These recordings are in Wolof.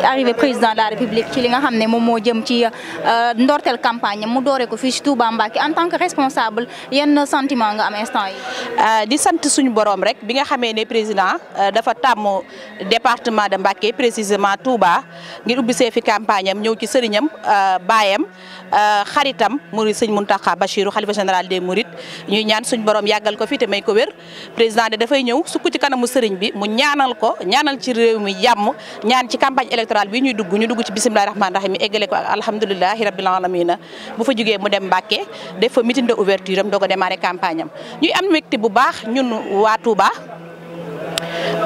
ci arrivé président de la république ci li nga xam ne moom moo jëm ci euh, ndorteel campagne mu doore ko fii ci Touba Mbacké en tant que responsable yenn sentiment nga am instant yi euh, di sant suñu boroom rek bi nga xamee ne président euh, dafa tàmm département de Mbacké précisément Touba ngir ubbi see fi campagne am ñëw ci sëriñam baayam xaritam Mouride sëñ Mountakha Bachirou xalifa général des Mourides ñuy ñaan suñ borom yàggal ko fi te may ko wér président de dafay ñëw sukk ci kanamu sëriñ bi mu ñaanal ko ñaanal ci réew mi jàmm électorale bi ñuy dugg ñu dugg ci bisimilahi rahmaani rahim eggale ko ak alhamdulilahi rabil alamina bu fa jógee mu dem Mbàkke def fa meeting de ouverture am doog a démarré campagne am ñuy am mbégte bu baax ñun waa Touba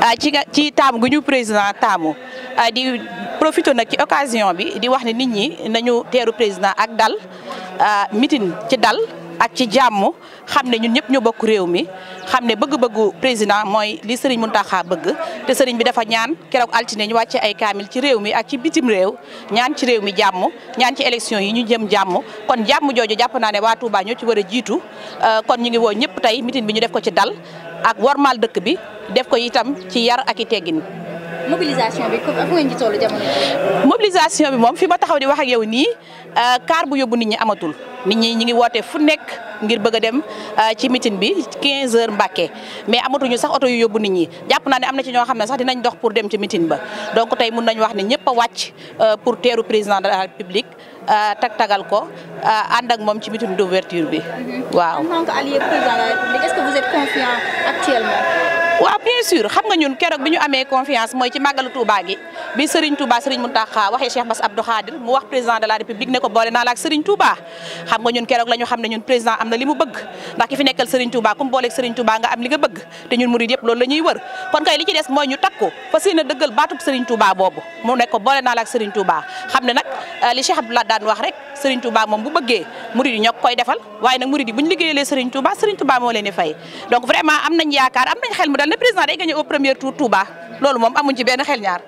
ah, ci ci taamu gu ñu président taamu ah, di profité nag ci occasion bi di wax ne nit ñi nañu teeru président ak dal ah, mitin ci dal ak ci jàmm xam ne ñun ñëpp ñu bokk réew mi xam ne bëgg-bëggu président mooy li Serigne Mountakha bëgg te Serigne bi dafa ñaan keroog altine ñu wàcce ay kaamil ci réew mi ak ci bitim réew ñaan ci réew mi jàmm ñaan ci élection yi ñu jëm jàmm kon jàmm jooju jàpp naa ne waa Touba ñoo ci war jiitu euh, kon ñu ngi woo ñëpp tey mitin bi ñu def ko ci dal ak war wormaal dëkk bi def ko itam ci yar ak i teggin. mobilisation bi moom fi ma taxaw di wax ak yow nii kaar euh, bu yóbbu nit ñi amatul. nit ñi ñi ngi woote fu nekk ngir bëgg a dem euh, ci meeting bi quinze heures Mbàkke mais amatuñu sax oto yu yóbbu nit ñi jàpp naa ne am na ci ñoo xam ne sax dinañ dox pour dem ci mitin ba donc tey mun nañ wax ne ñëpp a wàcc euh, pour teeru président de la République euh, tag tagal ko ànd ak moom ci meeting d'ouverture bi mhm. waaw. en tant président de la République, est-ce que vous êtes confiant actuellement. waaw bien sûr xam nga ñun keroog bi ñu amee confiance mooy ci màggalu Touba gi bi Serigne Touba Serigne Mountakha waxee Cheikh Bass Abdou Khadir mu wax président de la République ne ko boole naa la ak Serigne Touba xam nga ñun keroog la ne ñun président am na li mu bëgg ndax ki fi nekkal Serigne Touba comme booleeg Serigne Touba nga am li nga bëgg te ñun murid yëpp loolu la ñuy wër kon kay li ci des mooy ñu ne ko boole naa la ak Serigne Touba xam ne nag li Cheikh Abdoulaye daan wax rek Serigne Touba moom bu bëggee murid yi ñoo koy defal waaye nag murid yi bu ñu liggéeyalee Serigne Touba Serigne Touba moo leen di fay donc vraiment am nañ yaakaar am nañ xel mu dal ne président day gagné au premier tour loolu moom amuñ ci benn xel ñaar.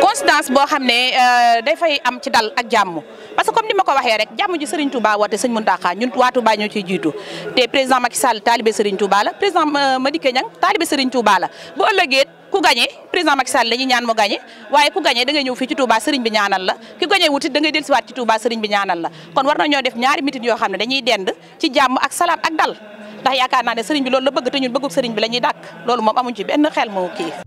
constance boo xam ne euh, dafay am ci dal ak jàmm parce que comme ni ma ko waxee rek jàmm ji sëriñ Serigne Touba woote sëñ Mountakha ñun waa Touba ñoo ciy jiitu te président Macky Sall taalibe Serigne Touba la président euh, Madické Niang taalibe la ku gagné président Macky Sall la ñuy ñaan mu gagné waaye ku gagné da ngay ñëw fii ci Touba sëriñ bi ñaanal la ki gagné wutit da ngay ci Touba sëriñ bi ñaanal la kon war ñoo def ñaari mitin yoo xam ne dañuy dend ci jàmm ak salaam ak dal ndax yaakaar naa ne sëriñ bi loolu la bëgg te ñun bëgguk sëriñ bi la ñuy loolu moom amuñ ci benn xel moo kii